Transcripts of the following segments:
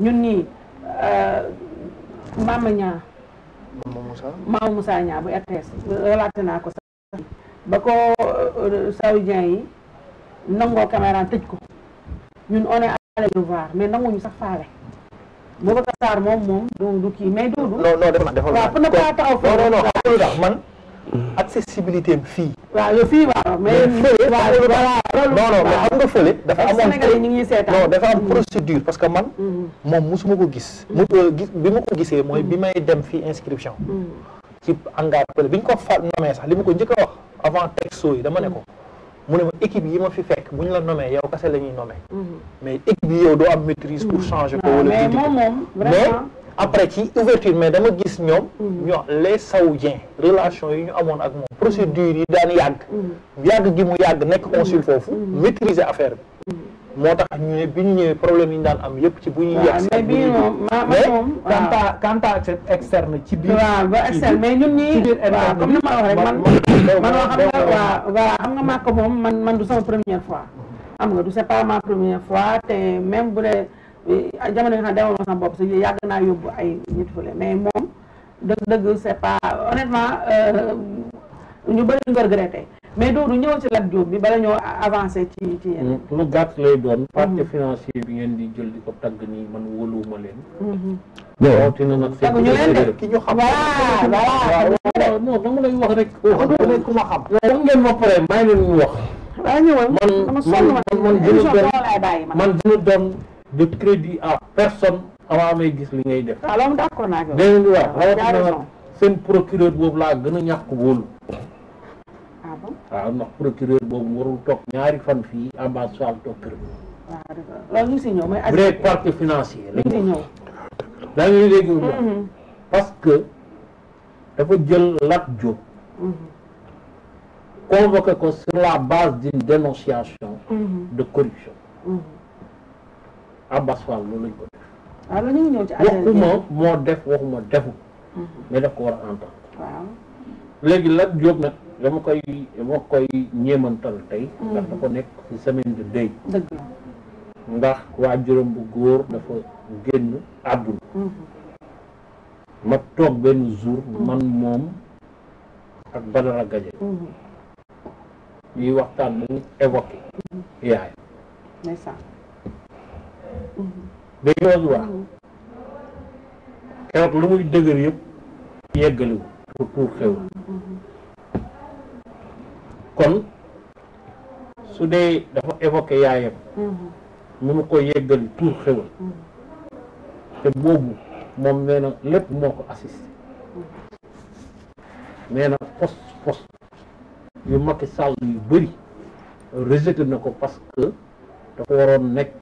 ñun nii euh, Mama Niang. Mama Moussa musaa Moussa Niang bu RTS relaté naa ko sax ba ko euh, saoudien yi nangoo caméra tëj ko ñun on est allé le voir mais nanguñu sax faale. Boubacar Sarr moom moom du du kii mais. du du non non defal naa defal naa waaw pour ne pas taxaw. non non non man. Mm. accessibilité am fii. waaw yow fii mais. non non mais nga fële. dafa am Sénégalais ngi seetaan non dafa am mm. procédure parce que man. mom mm. musuma ko gis. mu gis bi ma ko gisee moy bi may dem fi inscription. ci hangar pële biñ ko fa nommé sax limu ko njëkk wax avant texto yi dama neko ko. mu ne ma équipe yi ma fi fekk buñ la nomé yow kasse lañuy nomé mais équipe yi yow do am maîtrise pour changer ko wala mais mom moom vraiment. après ci ouverture mais dama gis ñoom mm. ñoo les saoudiens relation yi ñu amoon ak moom procédure yi daan yàgg mm. yàgg gi mu yàgg nekk mm. consul foofu maîtriser affaire bi moo tax ñu ne bi ñu ñëwee problème yi ñu daan am yëpp ci bu ñu ah, yegg moom ma moom ci biir waaw mais ñun ñii ma man man waa xam nga ko moom man man du sama première fois mm-hmm. xam nga du c'est pas ma première fois te même bu dee Eh, ah, jamono yi nga xam ne demal ma sama bopp sa yàgg naa yóbbu ay nit fële mais moom dëgg-dëgg c'est pas honnêtement euh, ñu bëri nga regretté mais Doudou ñëw ci Lat Diop bi bala ñoo avancé ci ci yéen mm, lu gàtt lay doon mm-hmm. partie financier bi ngeen di jël di ko tagg nii man wóoluwuma leen mm-hmm. rawatina nag seen ñu leen def ki ñu xam waaw wax rek wax ku ma xam wax ngeen ma pare may leen ñu man man man de crédit à personne avant may gis li ngay def. waaw ah, loolu ko. dégg nga waaw ah, seen procureur boobu laa gën a ñàkk wóolu. waaw ah ndax procureur boobu warul toog ñaari fan fii ambassade toog kër gi. waaw si ñëw mooy. vrai financier la ñu si ñëw. Mm-hmm. parce que dafa jël Lat Diop. Mm-hmm. convoqué ko sur la base d'une dénonciation. Mm-hmm. de corruption. Abass Fall loolu lañ ko def. waaw ah, loolu ñu waxuma moo def waxuma defu. Hmm. mais daf ko war a léegi Lat Diop nag dama koy dama koy ñeemantal tey. Hmm. ndax ko nekk ci semaine de deuil. dëgg la ndax bu góor dafa génn àdduna. Hmm. ma toog benn jour man moom ak Badara Gaje ñuy waxtaan dañu évoqué yaay day doon wax keroog lu muy dëgër yëpp yeggaliwu pour pour xew kon su dee dafa évoqué yaayam mu mu ko yeggali tuur xewal te boobu moom nee na lépp moo ko assisté nee na poste poste yu Macky Sall yu bëri rejeté na ko parce que dafa waroon nekk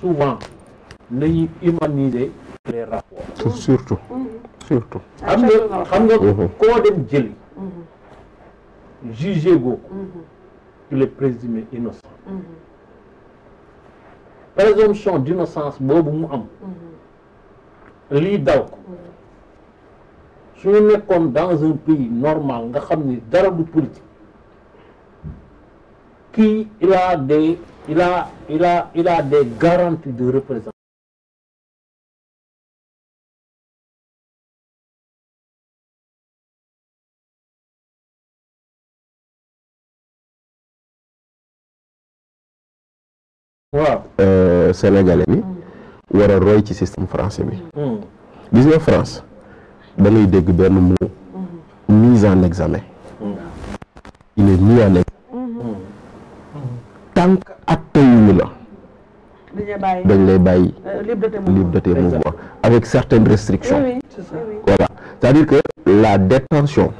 souvent nañu humaniser les rapports. surtout surtout. Mhm. xam nga xam nga mhm. koo dem jëli. Mhm. jugé goo il est présumé innocent. présomption d'innocence boobu mu am. lii daw dans un pays normal nga xam ni dara politique. qui il a des, il a, il a, il a des garanties de représentation. Euh, sénégalais bi war a roy ci système français mais hmm. gis en France da ngay dégg benn mot hmm. mise en examen hmm. il est mis en examen dañ lay bàyyi euh, liberté de mouvements, avec certaines restrictions voilà c'est-à-dire que la détention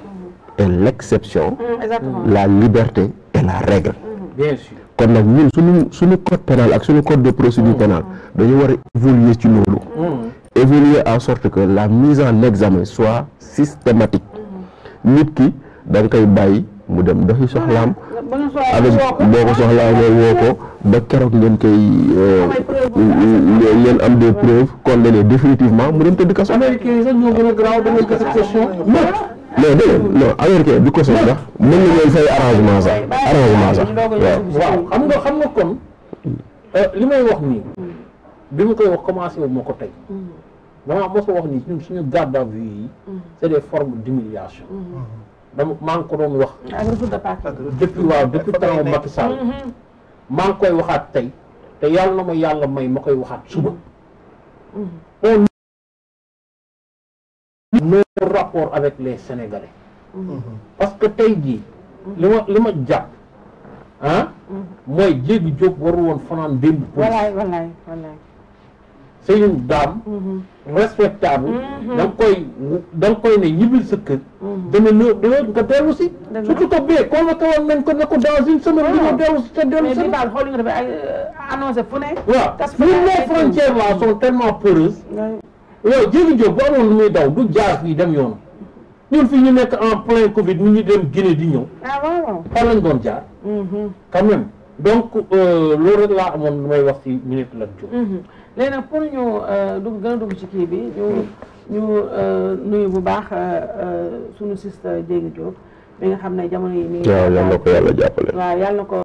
est l'exception mm-hmm. la liberté est la règle mm-hmm. bien sûr kon nag ñun suñu suñu code pénal ak suñu code de procédure mm-hmm. pénale dañu war a évoluer ci loolu évoluer en sorte que la mise en examen soit systématique nit ki da nga koy bàyyi mu dem doxi soxlaam avec boo ko soxlaa nga woo ko ba keroog ngeen koy euh, ngeen am des preuves condamné définitivement mu dem tëdd kaso mais dégg non américain bi ko sax ndax mën na leen fay arrangement sax arrangement sax waaw xam nga xam nga kon euh, li may wax nii bi ma koy wax commencé wu ma ko tey dama mos a wax nii ñun suñu garde à vue yi mm. c'est des formes d'humiliation mm. dama maa ngi ko doon wax. depuis waaw depuis temps Macky Sall. Mm-hmm. maa koy waxaat tey te yàlla ma yàlla may ma koy waxaat suba. Mm-hmm. on nos avec les Sénégalais. Mm-hmm. parce que tey jii. li ma li ma jàpp ah. mooy jéegi jóg waru fanaan démb. wallaay wallaay wallaay. sëyul daam mm-hmm. respectable mm-hmm. da nga koy da nga koy ne ñibbil sa kër mm-hmm. dana no dana nga dellu si surtout que bee convoqué woon nañ ko ne ko dans une semaine ah. di nga dellu si te dellu si daal xool euh, ne waaw ñun les frontières là sont tellement poreuses yooyu bu amoon lu muy daw du jaar fii dem yoonu ñun fii ñu nekk en plein Covid ñu ñu dem Guinée di ñëw ah, fan lañ doon jaar donc euh, loolu rek laa amoon lu may wax ci minute lan mhm. ci léegi nag pour ñu euh, dugg gën a dugg ci kii bi ñu mhm. ñu euh, nuyu bu baax sunu sista Dieng Diop mi nga xam ne jamono yi nii waaw yàlla ko yàlla jàppale waaw yàlla ko